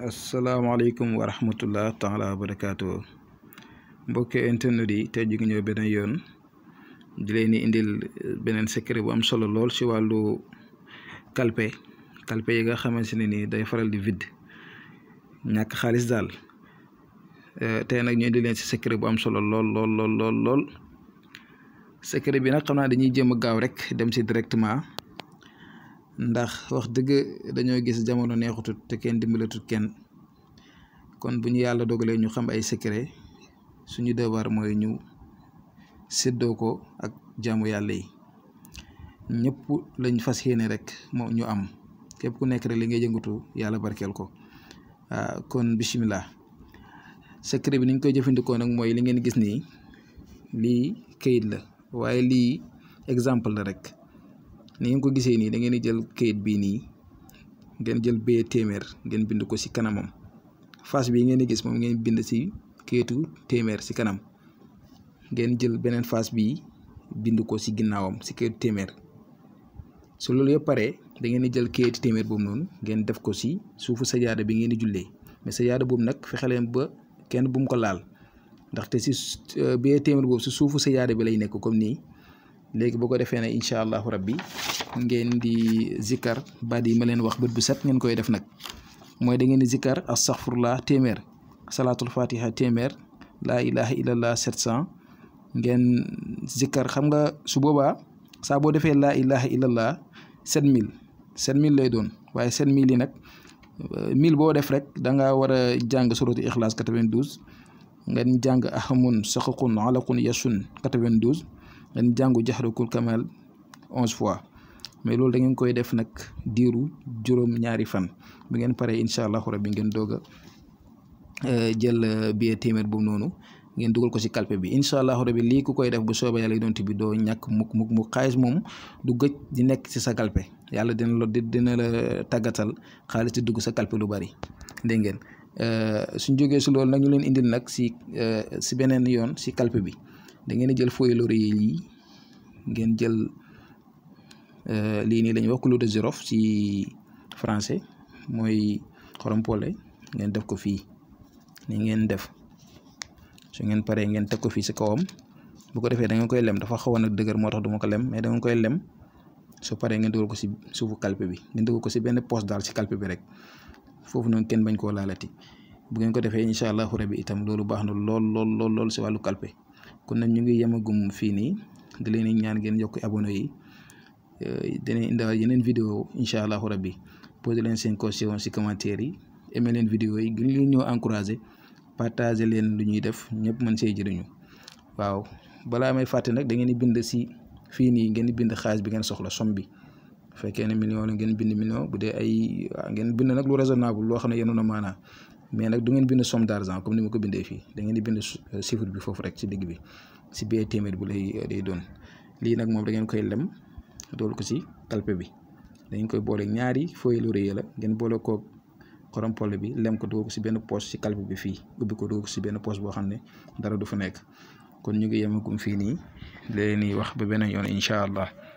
asalaamaaleykum wa rahmatullah taala wa barakaatu mbokki internet yi te jii ñëw beneen yoon di leen di indil beneen secret bu am solo lool si wàllu kalpe kalpe yi nga xamante ni nii day faral di vide ñàkk xaalis daal eh, te nag ñu indi leen si secret bu am solo lool lool lool lool lool bi nag xam naa dañuy jëm a gaaw rek dem si directement. ndax wax dëgg dañoo gis jamono neexutut te kenn dimbalatut kenn kon bu ñu yàlla dogalee ñu xam ay secret suñu devoir mooy ñu seddoo ko ak jaamu yàlla yi ñëpp lañ fas yéene rek moo ñu am képp ku nekk rek li ngay yëngatu yàlla barkeel ko ah, kon bisimilah secret bi niñ koy jëfandikoo nag mooy li ngeen gis nii lii kayit la waaye lii exemple la rek. ni ngeen ko gisee nii da ngeen di jël kayit bii nii ngeen jël bee téeméer ngeen bind ko si kanamam face bii ngeen di gis moom ngeen bind si kayitu téeméer si kanam ngeen jël beneen face bii bind ko si ginnaawam si kayitu téeméer su loolu yëpp pare da ngeen di jël kayitu téeméer boobu noonu ngeen def ko si suufu sajaada bi ngeen di jullee mais sajaada boobu nag fexe leen ba kenn bu ko laal ndaxte si euh, bee téeméer boobu si suufu sajaada bi lay nekk comme nii. léegi bu ko defee ne incha allahu rabbi ngeen di zikkar baat yi ma leen wax bët bu set ngeen koy def nag mooy da ngeen di zikkar astaghfirullah téeméer salaatul fatiha téeméer laa ilaha illallah 700 ngeen zikkar xam nga su boobaa saa boo defee laa ilaha illallah 7000 7000 lay doon waaye 7000 yi nag 1000 euh, boo def rek da ngaa war a jàng suratu ixlaas 92 ngeen jàng ahamun saqaqun alaqun yasun 92 ngeen jàngu jaxrukul kamal onze fois mais loolu da ngeen koy def nag diiru juróom-ñaari fan bi ngeen pare incha allahu rabbi ngeen doog a euh, jël euh, billet téeméer boobu noonu ngeen dugal ko si calpe bi incha allahu rabbi lii ku koy def bu soobee yàlla yonent bi doo ñàkk muk mukk mukk xaalis moom du gëj di nekk si sa calpe yàlla dina la dina la tàggatal xaalis di dugg sa calpe lu bari dégg ngeen euh, suñ jógee si loolu nag ñu leen indil nag si si beneen yoon si kalpe bi da jël ngeen jël euh, lii nii la ñuy wax clou de girofle ci français mooy xorom poole ngeen def ko fii nii ngeen def su ngeen paree ngeen teg ko fii si kawam bu ko defee da ngeen koy lem dafa xawoon a dëgër moo tax duma ko lem mais da ngeen koy lem su paree ngeen dugal ko si suufu calpe bi ngeen dugal ko si benn poche daal si calpe bi rek foofu noonu kenn bañ koo laalati bu ngeen ko defee incha allahu rabi itam loolu baax na lool lool lool si wàllu calpe kon nag ñu ngi yemagum fii nii. di leen ñaan ngeen yokk abono yi euh, dinañ indiwaat yeneen vidéo incha allahu rabbi posé leen seen question si commentaire yi aimé leen vidéo yi gën leen ñoo encouragé partager leen lu ñuy def ñëpp mën see jëriñu waaw balaa may fàtte nag da ngeen di bind si fii nii ngeen di bind xaalis bi ngeen soxla somme bi bu fekkee ne million la ngeen bind million bu dee ay ngeen bind nag lu raisonnable loo xam ne yenu na maanaa mais nag du ngeen bind somme d' argent comme ni ma ko bindee fii da ngeen di bind euh, chiffre bi foofu rek ci digg bi si bee téeméer bu lay day euh, doon lii nag moom da ngeen koy lem dool ko si kalpe bi da koy boole ñaari feuille laurier la ngeen boole koog xorompole bi lem ko dugal ko si benn poche si kalpe bi fii ubbi ko dugal ko si benn poche boo xam ne dara du fa nekk kon ñu ngi yemagum fii nii leen ni wax ba beneen yoon incha allah.